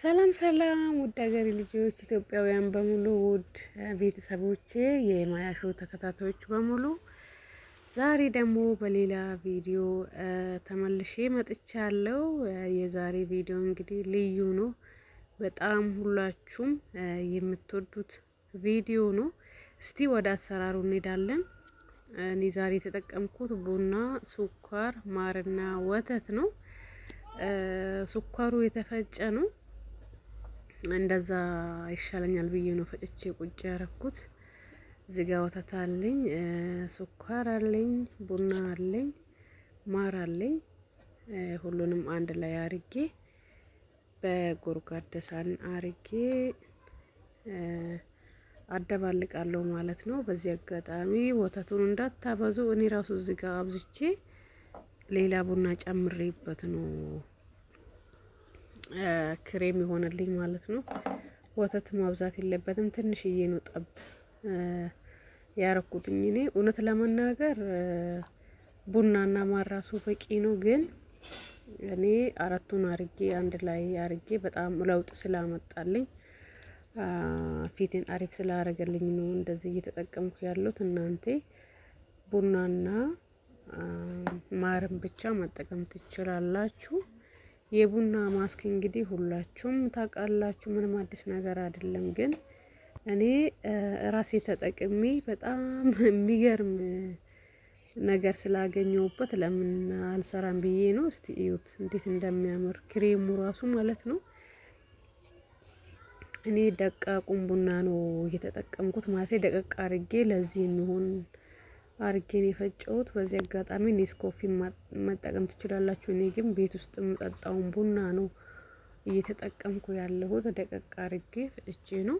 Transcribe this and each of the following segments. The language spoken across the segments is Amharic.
ሰላም ሰላም ውድ ሀገሬ ልጆች ኢትዮጵያውያን በሙሉ ውድ ቤተሰቦቼ የማያሾ ተከታታዮች በሙሉ ዛሬ ደግሞ በሌላ ቪዲዮ ተመልሼ መጥቻለሁ። የዛሬ ቪዲዮ እንግዲህ ልዩ ነው። በጣም ሁላችሁም የምትወዱት ቪዲዮ ነው። እስቲ ወደ አሰራሩ እንሄዳለን። እኔ ዛሬ የተጠቀምኩት ቡና፣ ስኳር፣ ማርና ወተት ነው። ስኳሩ የተፈጨ ነው። እንደዛ ይሻለኛል ብዬ ነው ፈጭቼ ቁጭ ያረኩት። እዚህ ጋ ወተት አለኝ፣ ስኳር አለኝ፣ ቡና አለኝ፣ ማር አለኝ። ሁሉንም አንድ ላይ አርጌ በጎርጓዳ ሳህን አርጌ አደባልቃለሁ ማለት ነው። በዚህ አጋጣሚ ወተቱን እንዳታበዙ። እኔ ራሱ እዚህ ጋር አብዝቼ ሌላ ቡና ጨምሬበት ነው ክሬም ይሆንልኝ ማለት ነው። ወተት ማብዛት የለበትም። ትንሽዬ ነው ጠብ ያረኩትኝ እኔ እውነት ለመናገር ቡናና ማራሱ በቂ ነው። ግን እኔ አራቱን አርጌ አንድ ላይ አርጌ በጣም ለውጥ ስላመጣልኝ ፊቴን አሪፍ ስላረገልኝ ነው እንደዚህ እየተጠቀምኩ ያለሁት። እናንተ ቡናና ማርን ብቻ መጠቀም ትችላላችሁ። የቡና ማስክ እንግዲህ ሁላችሁም ታውቃላችሁ፣ ምንም አዲስ ነገር አይደለም። ግን እኔ ራሴ ተጠቅሜ በጣም የሚገርም ነገር ስላገኘሁበት ለምን አልሰራም ብዬ ነው። እስቲ እዩት እንዴት እንደሚያምር ክሬሙ ራሱ ማለት ነው። እኔ ደቃቁን ቡና ነው እየተጠቀምኩት ማለት ደቀቅ አድርጌ ለዚህ የሚሆን አርጌን የፈጨሁት። በዚህ አጋጣሚ ኔስኮፊ መጠቀም ትችላላችሁ። እኔ ግን ቤት ውስጥ የምጠጣውን ቡና ነው እየተጠቀምኩ ያለሁት። ደቀቅ አርጌ ፈጭቼ ነው።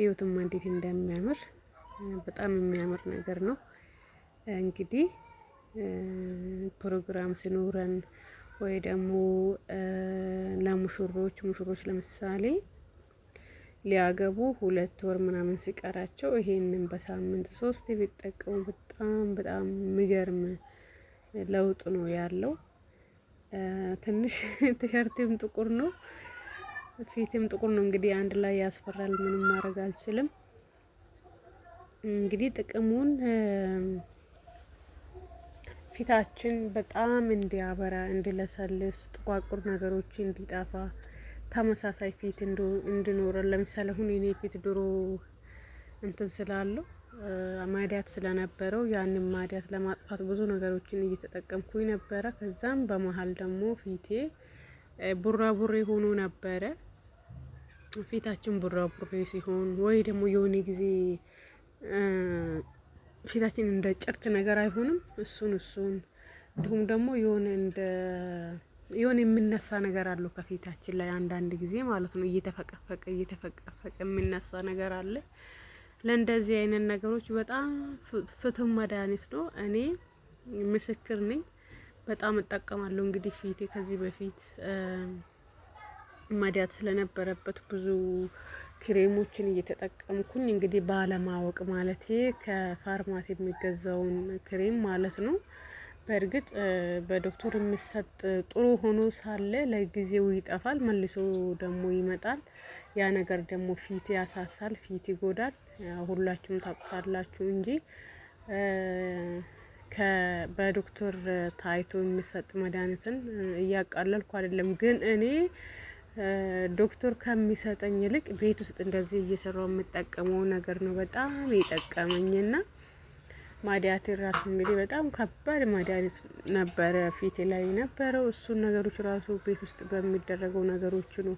እዩትማ እንዴት እንደሚያምር በጣም የሚያምር ነገር ነው። እንግዲህ ፕሮግራም ሲኖረን ወይ ደግሞ ለሙሽሮች ሙሽሮች ለምሳሌ ሊያገቡ ሁለት ወር ምናምን ሲቀራቸው ይሄንን በሳምንት ሶስት ቢጠቀሙ በጣም በጣም የሚገርም ለውጥ ነው ያለው። ትንሽ ቲሸርትም ጥቁር ነው፣ ፊትም ጥቁር ነው። እንግዲህ አንድ ላይ ያስፈራል። ምንም ማድረግ አልችልም። እንግዲህ ጥቅሙን ፊታችን በጣም እንዲያበራ፣ እንዲለሰልስ፣ ጥቋቁር ነገሮች እንዲጠፋ ተመሳሳይ ፊት እንድኖረን ለምሳሌ አሁን የኔ ፊት ድሮ እንትን ስላለው ማዲያት ስለነበረው ያንን ማዲያት ለማጥፋት ብዙ ነገሮችን እየተጠቀምኩኝ ነበረ። ከዛም በመሀል ደግሞ ፊቴ ቡራቡሬ ሆኖ ነበረ። ፊታችን ቡራቡሬ ሲሆን ወይ ደግሞ የሆነ ጊዜ ፊታችን እንደ ጭርት ነገር አይሆንም። እሱን እሱን እንዲሁም ደግሞ የሆነ እንደ የሆነ የምነሳ ነገር አለው ከፊታችን ላይ አንዳንድ ጊዜ ማለት ነው። እየተፈቀፈቀ እየተፈቀፈቀ የምነሳ ነገር አለ። ለእንደዚህ አይነት ነገሮች በጣም ፍቱን መድኃኒት ነው። እኔ ምስክር ነኝ። በጣም እጠቀማለሁ። እንግዲህ ፊቴ ከዚህ በፊት መዳት ስለነበረበት ብዙ ክሬሞችን እየተጠቀምኩኝ እንግዲህ ባለማወቅ ማለት ከፋርማሲ የሚገዛውን ክሬም ማለት ነው በእርግጥ በዶክተር የሚሰጥ ጥሩ ሆኖ ሳለ ለጊዜው ይጠፋል፣ መልሶ ደግሞ ይመጣል። ያ ነገር ደግሞ ፊት ያሳሳል፣ ፊት ይጎዳል። ሁላችሁም ታውቁታላችሁ እንጂ በዶክተር ታይቶ የሚሰጥ መድኃኒትን እያቃለልኩ አይደለም፣ ግን እኔ ዶክተር ከሚሰጠኝ ይልቅ ቤት ውስጥ እንደዚህ እየሰራው የምጠቀመው ነገር ነው በጣም የጠቀመኝና ማዲያት ራሱ እንግዲህ በጣም ከባድ ማዲያት ነበረ ፊቴ ላይ ነበረው። እሱን ነገሮች ራሱ ቤት ውስጥ በሚደረገው ነገሮች ነው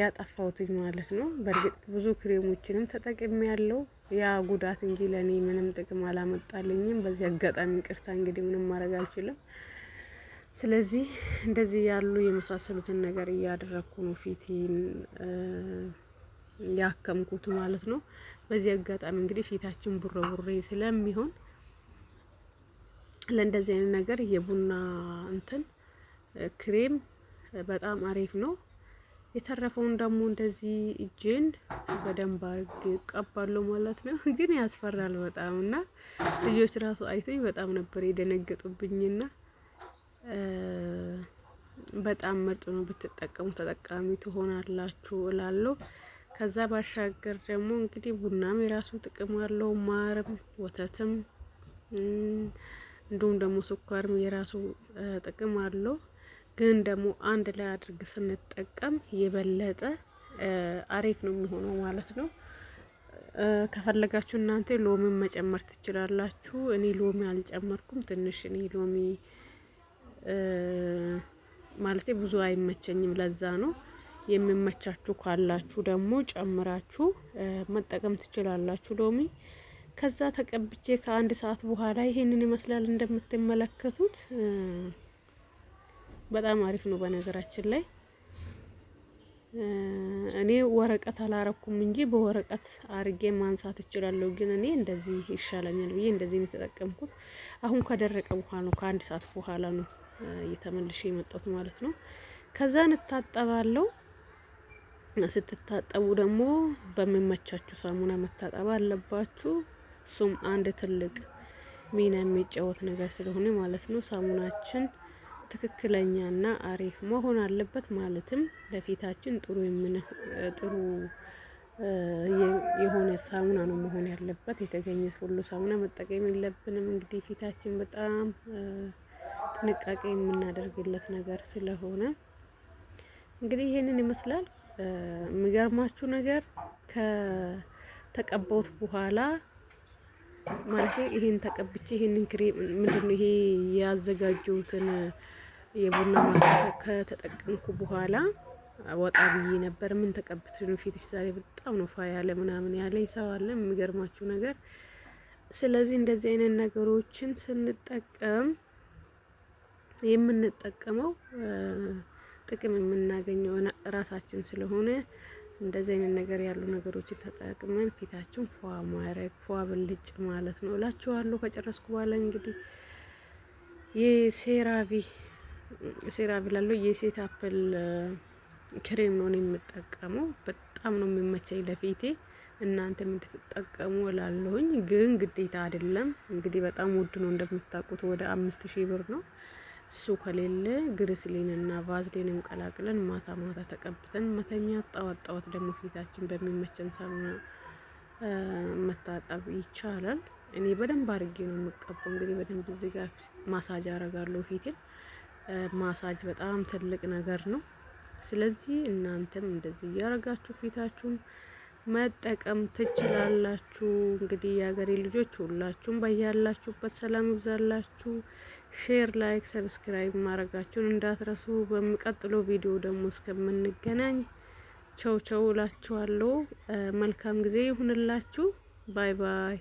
ያጠፋሁትኝ ማለት ነው። በእርግጥ ብዙ ክሬሞችንም ተጠቅሜ ያለው ያ ጉዳት እንጂ ለእኔ ምንም ጥቅም አላመጣልኝም። በዚህ አጋጣሚ ቅርታ እንግዲህ ምንም ማድረግ አልችልም። ስለዚህ እንደዚህ ያሉ የመሳሰሉትን ነገር እያደረግኩ ነው ፊቴን ያከምኩት ማለት ነው። በዚህ አጋጣሚ እንግዲህ ፊታችን ቡረቡሬ ስለሚሆን ለእንደዚህ አይነት ነገር የቡና እንትን ክሬም በጣም አሪፍ ነው። የተረፈውን ደግሞ እንደዚህ እጄን በደንብ አርግ ቀባለሁ ማለት ነው። ግን ያስፈራል በጣም እና ልጆች ራሱ አይቶኝ በጣም ነበር የደነገጡብኝና በጣም ምርጥ ነው ብትጠቀሙ ተጠቃሚ ትሆናላችሁ እላለሁ። ከዛ ባሻገር ደግሞ እንግዲህ ቡናም የራሱ ጥቅም አለው። ማርም ወተትም እንዲሁም ደግሞ ስኳርም የራሱ ጥቅም አለው። ግን ደግሞ አንድ ላይ አድርግ ስንጠቀም የበለጠ አሪፍ ነው የሚሆነው ማለት ነው። ከፈለጋችሁ እናንተ ሎሚን መጨመር ትችላላችሁ። እኔ ሎሚ አልጨመርኩም። ትንሽ እኔ ሎሚ ማለቴ ብዙ አይመቸኝም፣ ለዛ ነው። የሚመቻችሁ ካላችሁ ደግሞ ጨምራችሁ መጠቀም ትችላላችሁ ሎሚ። ከዛ ተቀብቼ ከአንድ ሰዓት በኋላ ይሄንን ይመስላል እንደምትመለከቱት። በጣም አሪፍ ነው። በነገራችን ላይ እኔ ወረቀት አላረኩም እንጂ በወረቀት አርጌ ማንሳት እችላለሁ። ግን እኔ እንደዚህ ይሻለኛል ብዬ እንደዚህ የተጠቀምኩት። አሁን ከደረቀ በኋላ ነው ከአንድ ሰዓት በኋላ ነው እየተመልሼ የመጣሁት ማለት ነው። ከዛ እንታጠባለው። ስትታጠቡ ደግሞ በሚመቻችሁ ሳሙና መታጠብ አለባችሁ። እሱም አንድ ትልቅ ሚና የሚጫወት ነገር ስለሆነ ማለት ነው። ሳሙናችን ትክክለኛና አሪፍ መሆን አለበት። ማለትም ለፊታችን ጥሩ ጥሩ የሆነ ሳሙና ነው መሆን ያለበት። የተገኘ ሁሉ ሳሙና መጠቀም የለብንም። እንግዲህ ፊታችን በጣም ጥንቃቄ የምናደርግለት ነገር ስለሆነ እንግዲህ ይህንን ይመስላል። የሚገርማችሁ ነገር ከተቀባሁት በኋላ ማለት ይሄን ተቀብቼ ይሄንን ክሬም ምንድነው ይሄ ያዘጋጀሁትን የቡና ማስታ ከተጠቀምኩ በኋላ ወጣ ብዬ ነበር። ምን ተቀብቼ ነው ፊትሽ ዛሬ በጣም ነው ፋ ያለ ምናምን ያለኝ ሰው አለ። የሚገርማችሁ ነገር ስለዚህ እንደዚህ አይነት ነገሮችን ስንጠቀም የምንጠቀመው ጥቅም የምናገኘው ራሳችን ስለሆነ እንደዚህ አይነት ነገር ያሉ ነገሮችን ተጠቅመን ፊታችን ፏ ማድረግ ፏ ብልጭ ማለት ነው እላችኋለሁ። ከጨረስኩ በኋላ እንግዲህ የሴራቪ ሴራቪ ላለው የሴት አፕል uh, ክሬም ነው የምጠቀመው። በጣም ነው የሚመቸኝ ለፊቴ። እናንተ እንድትጠቀሙ እላለሁኝ። ግን ግዴታ አይደለም እንግዲህ በጣም ውድ ነው እንደምታውቁት፣ ወደ አምስት ሺህ ብር ነው። እሱ ከሌለ ግሪስሊን እና ቫዝሊን ቀላቅለን ማታ ማታ ተቀብተን መተኛ ጠዋት ጠዋት ደግሞ ፊታችን በሚመቸን ሳሙና መታጠብ ይቻላል። እኔ በደንብ አድርጌ ነው የምቀባው። እንግዲህ በደንብ እዚህ ጋር ማሳጅ አረጋለሁ ፊቴን። ማሳጅ በጣም ትልቅ ነገር ነው። ስለዚህ እናንተም እንደዚህ እያረጋችሁ ፊታችሁን መጠቀም ትችላላችሁ። እንግዲህ የሀገሬ ልጆች ሁላችሁም በያላችሁበት ሰላም ይብዛላችሁ። ሼር፣ ላይክ፣ ሰብስክራይብ ማድረጋችሁን እንዳትረሱ። በሚቀጥለው ቪዲዮ ደግሞ እስከምንገናኝ ቸው ቸው እላችኋለሁ። መልካም ጊዜ ይሁንላችሁ። ባይ ባይ።